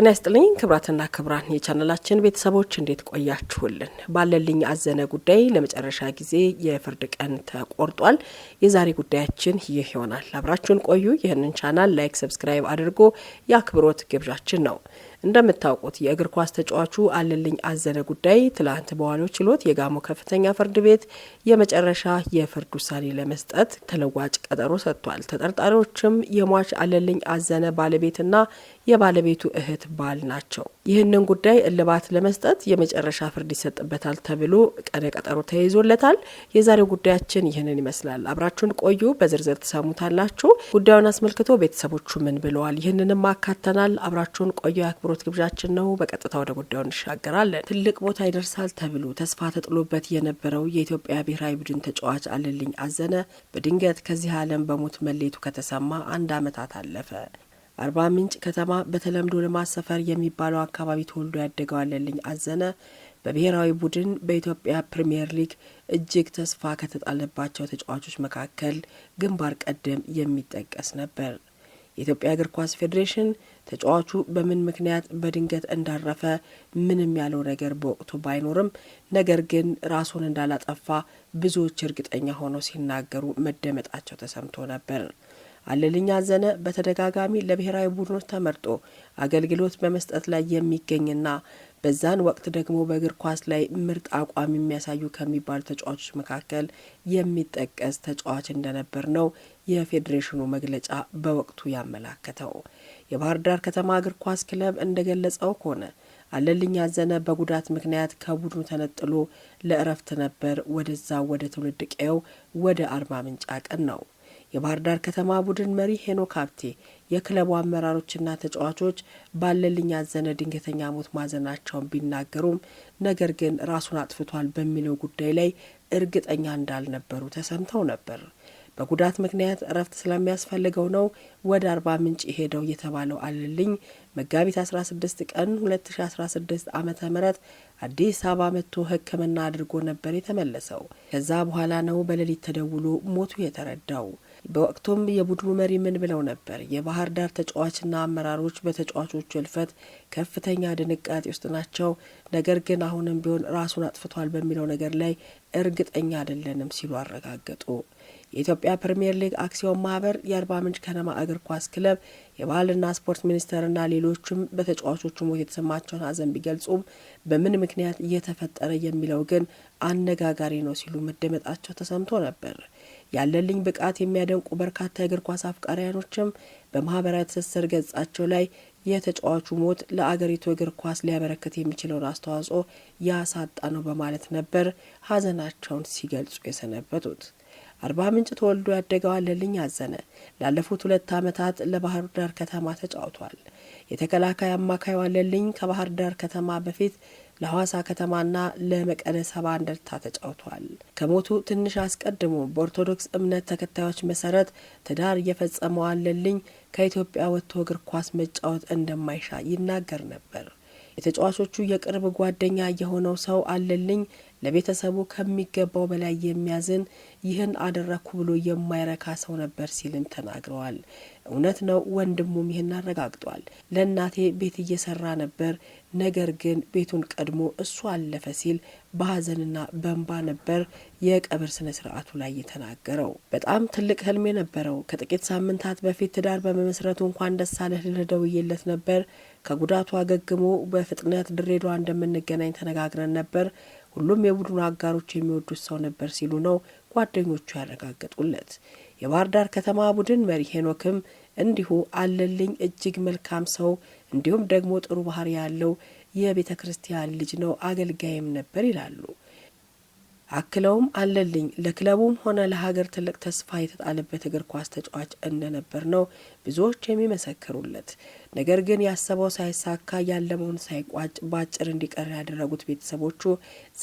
ጤና ይስጥልኝ ክብራትና ክብራን የቻነላችን ቤተሰቦች እንዴት ቆያችሁልን? ባለልኝ አዘነ ጉዳይ ለመጨረሻ ጊዜ የፍርድ ቀን ተቆርጧል። የዛሬ ጉዳያችን ይህ ይሆናል። አብራችሁን ቆዩ። ይህንን ቻናል ላይክ፣ ሰብስክራይብ አድርጎ የአክብሮት ግብዣችን ነው። እንደምታውቁት የእግር ኳስ ተጫዋቹ አለልኝ አዘነ ጉዳይ ትላንት በዋለው ችሎት የጋሞ ከፍተኛ ፍርድ ቤት የመጨረሻ የፍርድ ውሳኔ ለመስጠት ተለዋጭ ቀጠሮ ሰጥቷል። ተጠርጣሪዎችም የሟች አለልኝ አዘነ ባለቤትና የባለቤቱ እህት ባል ናቸው። ይህንን ጉዳይ እልባት ለመስጠት የመጨረሻ ፍርድ ይሰጥበታል ተብሎ ቀነ ቀጠሮ ተይዞለታል። የዛሬው ጉዳያችን ይህንን ይመስላል። አብራችሁን ቆዩ፣ በዝርዝር ትሰሙታላችሁ። ጉዳዩን አስመልክቶ ቤተሰቦቹ ምን ብለዋል? ይህንንም አካተናል። አብራችሁን ቆዩ። የአክብሮት ግብዣችን ነው። በቀጥታ ወደ ጉዳዩ እንሻገራለን። ትልቅ ቦታ ይደርሳል ተብሎ ተስፋ ተጥሎበት የነበረው የኢትዮጵያ ብሔራዊ ቡድን ተጫዋች አለልኝ አዘነ በድንገት ከዚህ ዓለም በሞት መሌቱ ከተሰማ አንድ ዓመታት አለፈ። አርባ ምንጭ ከተማ በተለምዶ ልማት ሰፈር የሚባለው አካባቢ ተወልዶ ያደገው አለልኝ አዘነ በብሔራዊ ቡድን በኢትዮጵያ ፕሪምየር ሊግ እጅግ ተስፋ ከተጣለባቸው ተጫዋቾች መካከል ግንባር ቀደም የሚጠቀስ ነበር። የኢትዮጵያ እግር ኳስ ፌዴሬሽን ተጫዋቹ በምን ምክንያት በድንገት እንዳረፈ ምንም ያለው ነገር በወቅቱ ባይኖርም ነገር ግን ራሱን እንዳላጠፋ ብዙዎች እርግጠኛ ሆነው ሲናገሩ መደመጣቸው ተሰምቶ ነበር። አለልኝ አዘነ በተደጋጋሚ ለብሔራዊ ቡድኖች ተመርጦ አገልግሎት በመስጠት ላይ የሚገኝና በዛን ወቅት ደግሞ በእግር ኳስ ላይ ምርጥ አቋም የሚያሳዩ ከሚባሉ ተጫዋቾች መካከል የሚጠቀስ ተጫዋች እንደነበር ነው የፌዴሬሽኑ መግለጫ በወቅቱ ያመላከተው። የባህር ዳር ከተማ እግር ኳስ ክለብ እንደገለጸው ከሆነ አለልኝ አዘነ በጉዳት ምክንያት ከቡድኑ ተነጥሎ ለእረፍት ነበር ወደዛ ወደ ትውልድ ቀየው ወደ አርባ ምንጭ አቀን ነው። የባህር ዳር ከተማ ቡድን መሪ ሄኖክ ሀብቴ የክለቡ አመራሮችና ተጫዋቾች ባለልኝ ያዘነ ድንገተኛ ሞት ማዘናቸውን ቢናገሩም ነገር ግን ራሱን አጥፍቷል በሚለው ጉዳይ ላይ እርግጠኛ እንዳልነበሩ ተሰምተው ነበር። በጉዳት ምክንያት እረፍት ስለሚያስፈልገው ነው ወደ አርባ ምንጭ ሄደው የተባለው አለልኝ መጋቢት 16 ቀን 2016 ዓ ም አዲስ አበባ መጥቶ ሕክምና አድርጎ ነበር የተመለሰው። ከዛ በኋላ ነው በሌሊት ተደውሎ ሞቱ የተረዳው። በወቅቱም የቡድኑ መሪ ምን ብለው ነበር? የባህር ዳር ተጫዋችና አመራሮች በተጫዋቾቹ እልፈት ከፍተኛ ድንጋጤ ውስጥ ናቸው። ነገር ግን አሁንም ቢሆን ራሱን አጥፍቷል በሚለው ነገር ላይ እርግጠኛ አይደለንም ሲሉ አረጋገጡ። የኢትዮጵያ ፕሪምየር ሊግ አክሲዮን ማህበር፣ የአርባ ምንጭ ከነማ እግር ኳስ ክለብ፣ የባህልና ስፖርት ሚኒስቴርና ሌሎችም በተጫዋቾቹ ሞት የተሰማቸውን ሐዘን ቢገልጹም በምን ምክንያት እየተፈጠረ የሚለው ግን አነጋጋሪ ነው ሲሉ መደመጣቸው ተሰምቶ ነበር። ያለልኝ ብቃት የሚያደንቁ በርካታ የእግር ኳስ አፍቃሪያኖችም በማህበራዊ ትስስር ገጻቸው ላይ የተጫዋቹ ሞት ለአገሪቱ እግር ኳስ ሊያበረክት የሚችለውን አስተዋጽኦ ያሳጣ ነው በማለት ነበር ሀዘናቸውን ሲገልጹ የሰነበቱት። አርባ ምንጭ ተወልዶ ያደገው አለልኝ አዘነ ላለፉት ሁለት ዓመታት ለባህር ዳር ከተማ ተጫውቷል። የተከላካይ አማካዩ አለልኝ ከባህር ዳር ከተማ በፊት ለሐዋሳ ከተማና ለመቀለ ሰባ እንደርታ ተጫውቷል። ከሞቱ ትንሽ አስቀድሞ በኦርቶዶክስ እምነት ተከታዮች መሰረት ትዳር እየፈጸመው አለልኝ ከኢትዮጵያ ወጥቶ እግር ኳስ መጫወት እንደማይሻ ይናገር ነበር። የተጫዋቾቹ የቅርብ ጓደኛ የሆነው ሰው አለልኝ ለቤተሰቡ ከሚገባው በላይ የሚያዝን ይህን አደረግኩ ብሎ የማይረካ ሰው ነበር ሲልም ተናግረዋል። እውነት ነው፣ ወንድሙም ይህን አረጋግጧል። ለእናቴ ቤት እየሰራ ነበር ነገር ግን ቤቱን ቀድሞ እሱ አለፈ ሲል በሀዘንና በንባ ነበር የቀብር ስነ ስርዓቱ ላይ የተናገረው። በጣም ትልቅ ህልም የነበረው ከጥቂት ሳምንታት በፊት ትዳር በመመስረቱ እንኳን ደስ አለህ ልልህ ደውዬለት ነበር። ከጉዳቱ አገግሞ በፍጥነት ድሬዳዋ እንደምንገናኝ ተነጋግረን ነበር። ሁሉም የቡድኑ አጋሮች የሚወዱት ሰው ነበር ሲሉ ነው ጓደኞቹ ያረጋገጡለት። የባህር ዳር ከተማ ቡድን መሪ ሄኖክም እንዲሁ አለልኝ እጅግ መልካም ሰው እንዲሁም ደግሞ ጥሩ ባህሪ ያለው የቤተ ክርስቲያን ልጅ ነው፣ አገልጋይም ነበር ይላሉ። አክለውም አለልኝ ለክለቡም ሆነ ለሀገር ትልቅ ተስፋ የተጣለበት እግር ኳስ ተጫዋች እንደነበር ነው ብዙዎች የሚመሰክሩለት። ነገር ግን ያሰበው ሳይሳካ ያለመውን ሳይቋጭ በአጭር እንዲቀር ያደረጉት ቤተሰቦቹ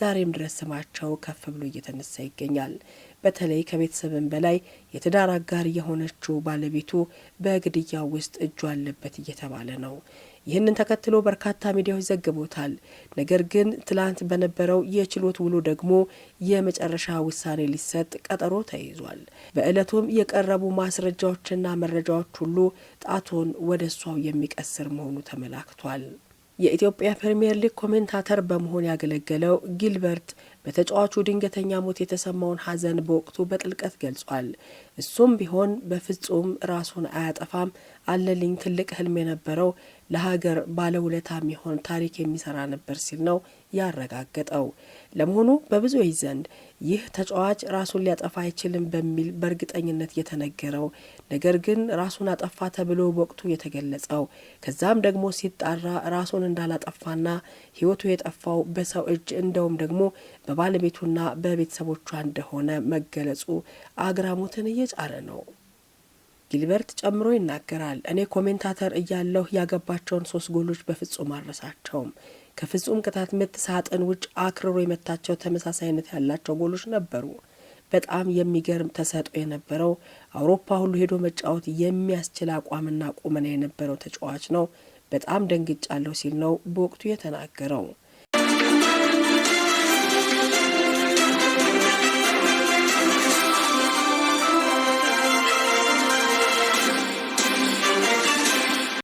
ዛሬም ድረስ ስማቸው ከፍ ብሎ እየተነሳ ይገኛል። በተለይ ከቤተሰብም በላይ የትዳር አጋር የሆነችው ባለቤቱ በግድያው ውስጥ እጁ አለበት እየተባለ ነው። ይህንን ተከትሎ በርካታ ሚዲያዎች ዘግቦታል። ነገር ግን ትላንት በነበረው የችሎት ውሎ ደግሞ የመጨረሻ ውሳኔ ሊሰጥ ቀጠሮ ተይዟል። በዕለቱም የቀረቡ ማስረጃዎችና መረጃዎች ሁሉ ጣቶን ወደ እሷው የሚቀስር መሆኑ ተመላክቷል። የኢትዮጵያ ፕሪምየር ሊግ ኮሜንታተር በመሆን ያገለገለው ጊልበርት በተጫዋቹ ድንገተኛ ሞት የተሰማውን ሐዘን በወቅቱ በጥልቀት ገልጿል። እሱም ቢሆን በፍጹም ራሱን አያጠፋም አለልኝ ትልቅ ህልም የነበረው ለሀገር ባለውለታ የሚሆን ታሪክ የሚሰራ ነበር ሲል ነው ያረጋገጠው። ለመሆኑ በብዙዎች ዘንድ ይህ ተጫዋች ራሱን ሊያጠፋ አይችልም በሚል በእርግጠኝነት የተነገረው ነገር ግን ራሱን አጠፋ ተብሎ በወቅቱ የተገለጸው ከዛም ደግሞ ሲጣራ ራሱን እንዳላጠፋና ሕይወቱ የጠፋው በሰው እጅ እንደውም ደግሞ በባለቤቱና በቤተሰቦቿ እንደሆነ መገለጹ አግራሞትን እየጫረ ነው። ጊልበርት ጨምሮ ይናገራል። እኔ ኮሜንታተር እያለሁ ያገባቸውን ሶስት ጎሎች በፍጹም አረሳቸውም። ከፍጹም ቅጣት ምት ሳጥን ውጭ አክርሮ የመታቸው ተመሳሳይነት ያላቸው ጎሎች ነበሩ። በጣም የሚገርም ተሰጦ የነበረው አውሮፓ ሁሉ ሄዶ መጫወት የሚያስችል አቋምና ቁመና የነበረው ተጫዋች ነው። በጣም ደንግጫለሁ ሲል ነው በወቅቱ የተናገረው።